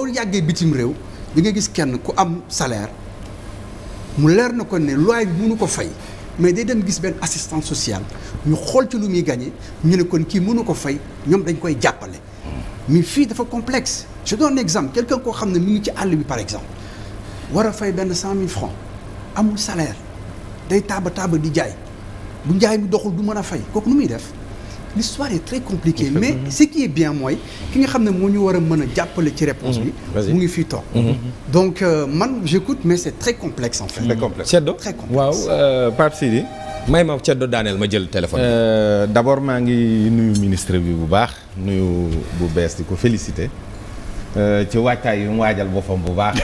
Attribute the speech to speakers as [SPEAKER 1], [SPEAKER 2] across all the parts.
[SPEAKER 1] boo yàggee bitim réew di nga gis kenn ku am salaire mu leer na ko ne loyer bi mënu ko fay mais day dem gis benn assistance sociale ñu xool ci lu muy gagné ñu ne kon kii mënu ko fay ñoom dañ koy jàppale. mais fii dafa complexe. je donne un exemple quelqu'un koo xam ne mu ngi ci àll bi par exemple war a fay benn cent mille francs amul salaire day taaba taaba di jaay bu njaay mi doxul du mën a fay kooku nu muy def. l'histoire est très compliquée mais ce bien mooy ki nga xam ne moo ñu war a mën a jàppale ci réponse mmh. bi mu ngi fi toog mmh. donc euh, man j'écoute mais c'est très complexe en mmh. Ceddo très complexe waaw euh, Pape Sidi may ma Ceddo daaneel ma jël téléphone euh, d'abord maa ngi nuyu ministre bi bu baax nuyu bu bees di ko féliciter ci waajtaay yu mu waajal boppam bu baax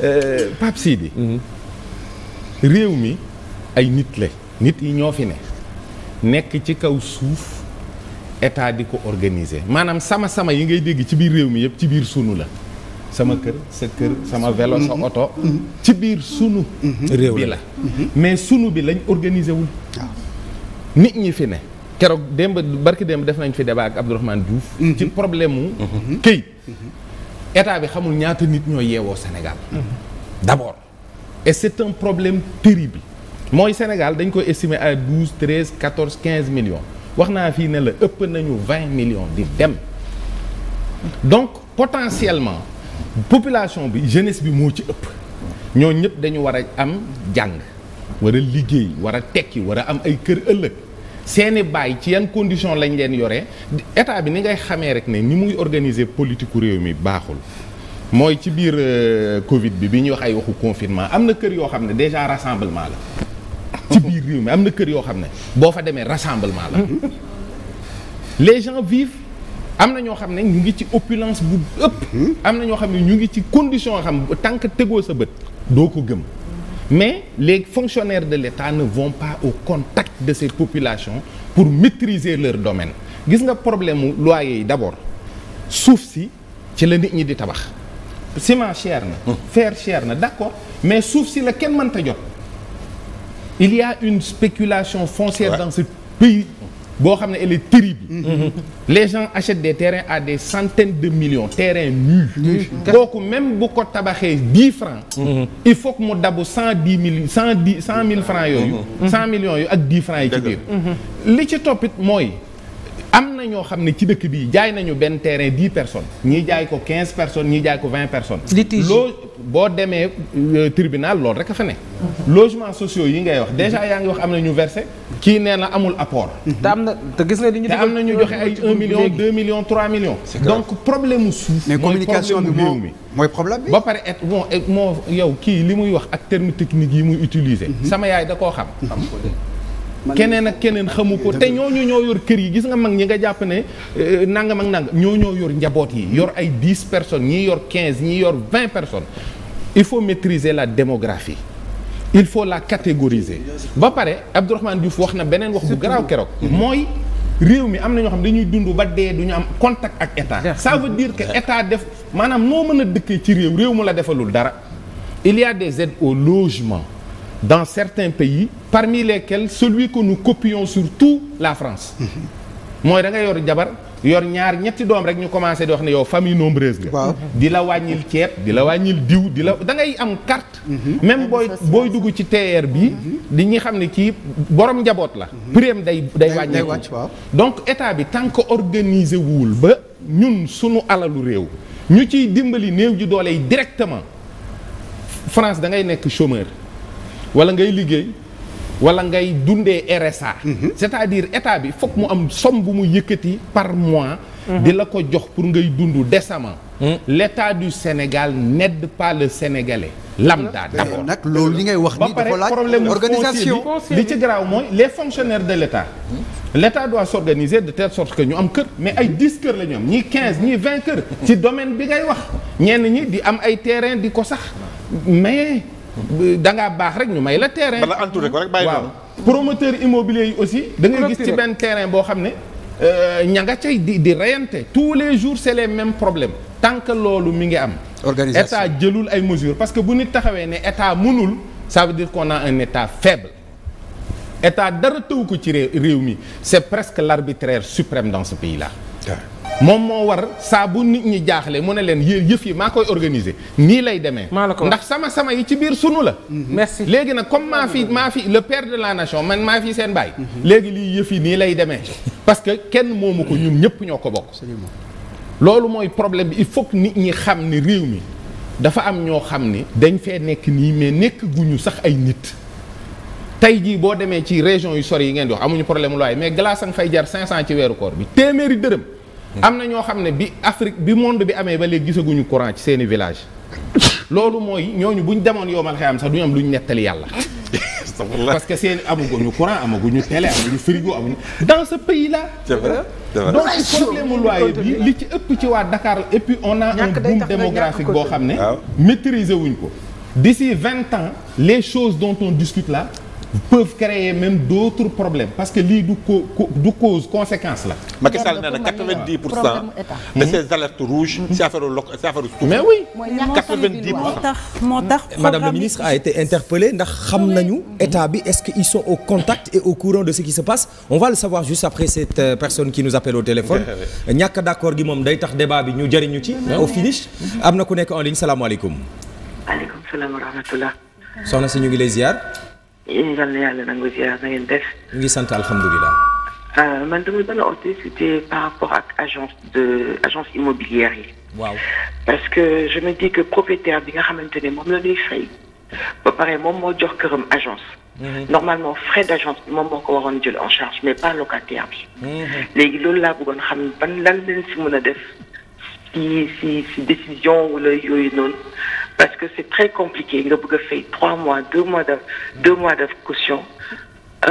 [SPEAKER 1] Pape Sidi réew mi ay nit la nit yi ñoo fi ne nekk ci kaw suuf état di ko organiser maanaam sama-sama yi ngay dégg ci biir réew mi yëpp ci biir sunu la sama kër sa kër sama vélo sa oto ci biir sunu réew li la mais sunu bi lañ organiser wul nit ñi fi ne keroog démb barki démb def nañ fi débat ak Abdourahmane Diouf ci problème mu këy état bi xamul ñaata nit ñoo yeewoo Sénégal d'abord et c'est un problème terrible mooy Sénégal dañ koy estimer à douze treize quatorze quinze millions wax naa fii ne la ëpp nañu vingt millions di dem donc potentiellement population bi jeunesse bi moo ci ëpp ñoo ñëpp dañu war a am jàng wara a liggéey war a tekki war a am ay kër ëllëg seeni bàyyi ci yan condition lañ leen yore état bi ni ngay xamee rek ne ni muy organiser politique réew mi baaxul mooy ci biir euh, Covid bi bi ñuy wax ay waxu confinement am na kër yoo xam ne déjà rassemblement la biir réew am na kër yoo xam ne boo fa demee rassemblement la les gens vivent am na ñoo xam ne ñu ngi ci opulence bu ëpp am na ñoo xam ne ñu ngi ci condition yoo xam tant que tegoo sa bët doo ko gëm mais les fonctionnaires de l'État ne vont pas au contact de ces population pour maîtriser leur domaine gis nga problème loyer yi d'abord suuf si ci la nit ñi di tabax ciment cher na fer cher na d'accord mais suuf si la kenn mënta jot il y a une spéculation foncière dans ce pays boo xam ne elle est mm-hmm. les gens achètent des terrains à des centaines de millions terrain nu mm-hmm. kooku même bu ko tabaxee dix francs mm-hmm. il faut que mu dabu cent dix mille cent dix cent mille francs yooyu cent millions yooyu ak dix francs yi ci biir li ci toppit mooy am na ñoo xam ne ci dëkk bi jaay nañu benn terrain dix personnes ñii jaay ko quinze personnes ñii jaay ko vingt personnes. litige loo boo demee euh, tribunal loolu rek a fa ne. logements sociaux yi ngay wax déjà yaa ngi wax am na ñu versé. kii nee na amul apport. te am na te gis nga li ñu. te am na ñu joxe ay un million deux millions trois millions. donc problème mu suuf. mais communication bi mooy problème bi. ba pare et bon et moo yow kii li muy wax ak termes techniques yi muy utiliser. Mhm. sama yaay da koo xam. keneen ak keneen xamu ko te ñooñu ñoo yor kër yi gis nga mag ñi nga jàpp ne euh, nangam ak nangam ñoo ñoo yor njaboot yi yor ay dix personnes ñii yor quinze ñii yor vingt personnes il faut maîtriser la démographie il faut la catégoriser ba pare Abdourahmane Diouf wax na beneen wax bu garaaw keroog mhm. mooy réew mi am na ñoo xam dañuy dund ba dee du ñu am contact ak état ça veut dire que état def maanaam noo mën a dëkkee ci réew réew mu la defalul dara il y a des aides au dans certains pays parmi lesquels celui que nous copions surtout la France mooy da nga yor jabar yor ñaar ñetti doom rek ñu commencé di wax ne yow famille nombreuse nga di la wàññil ceeb di la wàññil diw di la da ngay am carte mhm. même booy booy dugg ci TR bi mhm. di ñi xam ne kii borom njaboot la mhm. prime day day wàññi donc état bi tant que organisé wul ba ñun suñu alalu réew ñu ciy dimbali néew ji doole yi directement France da ngay nekk chômeur wala ngay liggéey wala ngay dundee RSA. Mhm. c'est-à-dire état bi foog mu am somme bu mu yëkkati par mois. Mhm. di la ko jox pour ngay dund décemment. Mhm. l'état du Sénégal n'aide pas le Sénégalais. lambda d'abord nag loolu li ngay wax nii dafa laaj organisation li ci garaaw mooy les fonctionnaires de l'état l'état doit s'organiser de telle sorte que ñu am kër mais ay dix kër la ñu am ñii quinze ñii vingt kër. ci domaine bi ngay wax ñenn ñi di am ay terrain di ko sax mais. da ngaa baax rek ñu may la terrain. bala entouré ko rek bàyyi waaw promoteur immobilier yi aussi. da ngay gis ci benn terrain boo xam ne. Euh, ña nga cay di di reyante tous les jours c'est les mêmes problèmes tant que loolu mi ngi am. organisation état jëlul ay mesures parce que bu nit taxawee ne etat mënul ça veut dire qu'on a un faible. etat dara tëw ko ci réew mi c'est presque l'arbitraire suprême dans ce pays-là. moom moo war saa bu nit ñi jaaxle mu ne leen yéen yëf yi maa koy organiser nii lay demee ndax sama sama yi ci biir sunu la mm-hmm. merci léegi nag comme maa fi maa fi le père de la nation man maa fi seen baay mm-hmm. léegi lii yëf yi nii lay demee parce que kenn moomu ko ñun ñëpp ñoo ko bokk loolu mooy problème bi il faut nit ñi xam ni réew mi dafa am ñoo xam ni dañ fee nekk nii mais nekk ñu sax ay nit tey jii boo demee ci région yu sori yi ngeen di wax amuñu problème loyer mais glace fay jar 500 ci weeru koor bi téeméeri dërëm am na ñoo xam ne bi Afrique bi monde bi amee ba léegi gisaguñu courant ci seeni village loolu mooy ñooñu buñ demoon yowmal am sax du duñu am ñu nettali yàlla. parce que seen amaguñu courant amaguñu télé amaguñu frigo amuñu. dans ce pays là. c'est vrai c'est vrai donc problème mu bi li ci ëpp ci waa Dakar la et puis on a un boom démographique boo xam ne. maîtriser wuñ ko. d'ici vingt ans les choses dont on discute la peuvent créer même d'autres problèmes parce que lii du co du cause conséquence la. Macky Sall nee na 90 pour cent de ces alertes rouges. Hmm. ci affaire lo ci affaire hmm. a été interpellée ndax xam nañu état bi et ce qui se passe on va le savoir juste après cette euh, personne qui nous appelle au téléphone. ñàkk d'accord gi day tax débat bi ñu jëriñu ci. au finish am na ku nekk en ligne salaamaaleykum. maaleykum salaam ñu ngi lay ziar. yal na yàlla nangu ziar na ngeen def. ñu ngi sant alhamdulilah. Euh, man damay bala oote c'était par rapport ak agence de agence immobilière yi. waaw parce que je me dis que propriétaire bi nga xamante ne moom la ñuy fay. ba pare moom moo jox këram agence. Mhm. normalement frais d' agence bi moom moo ko waroon jël en charge mais pas locataire bi. Mhm. léegi loolu laa bëggoon xam ban lan leen si mën a def si si si décision wala yooyu noonu. parce que c'est très compliqué nga bëgg a trois mois deux mois de deux mois de caution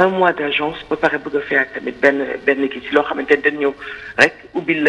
[SPEAKER 1] un mois d'agence ba pare bëgg a fay ak tamit benn benn kii si loo xamante ne dañ ñëw rek ubbil